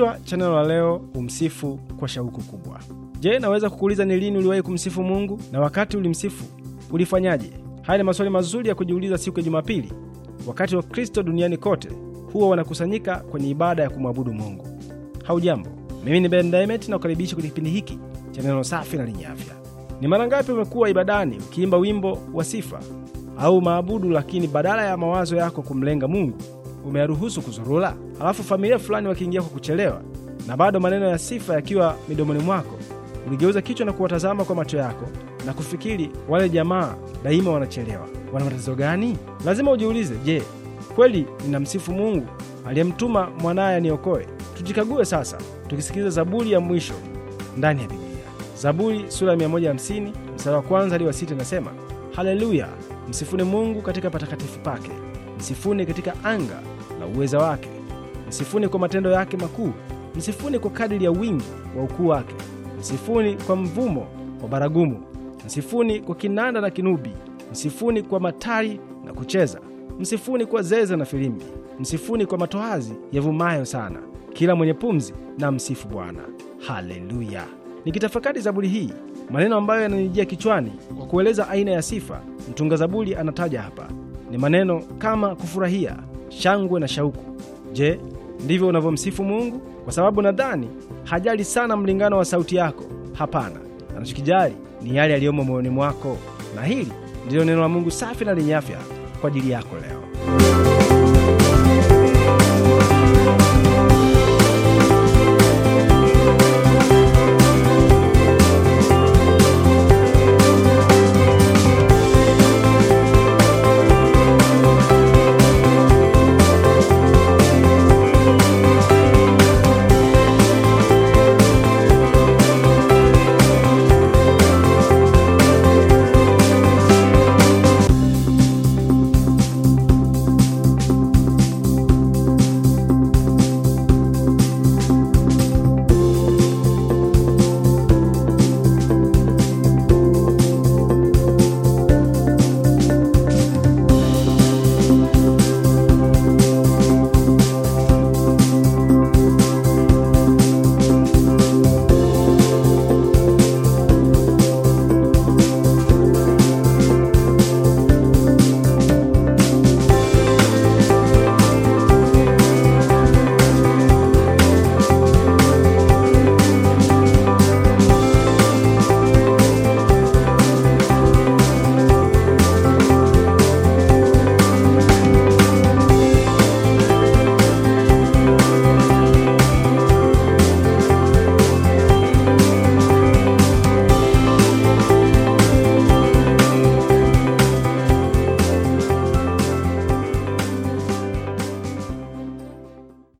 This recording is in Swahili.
Kichwa cha neno la leo, umsifu kwa shauku kubwa. Je, naweza kukuuliza ni lini uliwahi kumsifu Mungu na wakati ulimsifu ulifanyaje? Haya ni maswali mazuri ya kujiuliza siku ya Jumapili, wakati wa Kristo duniani kote huwa wanakusanyika kwenye ibada ya kumwabudu Mungu. Haujambo, mimi ni Ben na kukaribisha kwenye kipindi hiki cha neno safi na lenye afya. Ni mara ngapi umekuwa ibadani ukiimba wimbo wa sifa au maabudu, lakini badala ya mawazo yako kumlenga Mungu umeyaruhusu kuzurula? Halafu familia fulani wakiingia kwa kuchelewa na bado maneno ya sifa yakiwa midomoni mwako, uligeuza kichwa na kuwatazama kwa macho yako na kufikiri, wale jamaa daima wanachelewa, wana matatizo gani? Lazima ujiulize, je, kweli ninamsifu Mungu aliyemtuma mwanaye aniokoe? Tujikague sasa tukisikiliza Zaburi ya mwisho ndani ya Biblia. Zaburi sura ya 150 mstari wa kwanza hadi wa sita inasema, haleluya, msifuni Mungu katika patakatifu pake msifuni katika anga na uweza wake, msifuni kwa matendo yake makuu, msifuni kwa kadiri ya wingi wa ukuu wake, msifuni kwa mvumo wa baragumu, msifuni kwa kinanda na kinubi, msifuni kwa matari na kucheza, msifuni kwa zeze na filimbi, msifuni kwa matoazi yavumayo sana. Kila mwenye pumzi na msifu Bwana. Haleluya! Nikitafakari zaburi hii, maneno ambayo yananijia kichwani kwa kueleza aina ya sifa mtunga zaburi anataja hapa ni maneno kama kufurahia, shangwe na shauku. Je, ndivyo unavyomsifu Mungu? Kwa sababu nadhani hajali sana mlingano wa sauti yako. Hapana, anachokijali ni yale yaliyomo moyoni mwako, na hili ndilo neno la Mungu safi na lenye afya kwa ajili yako leo.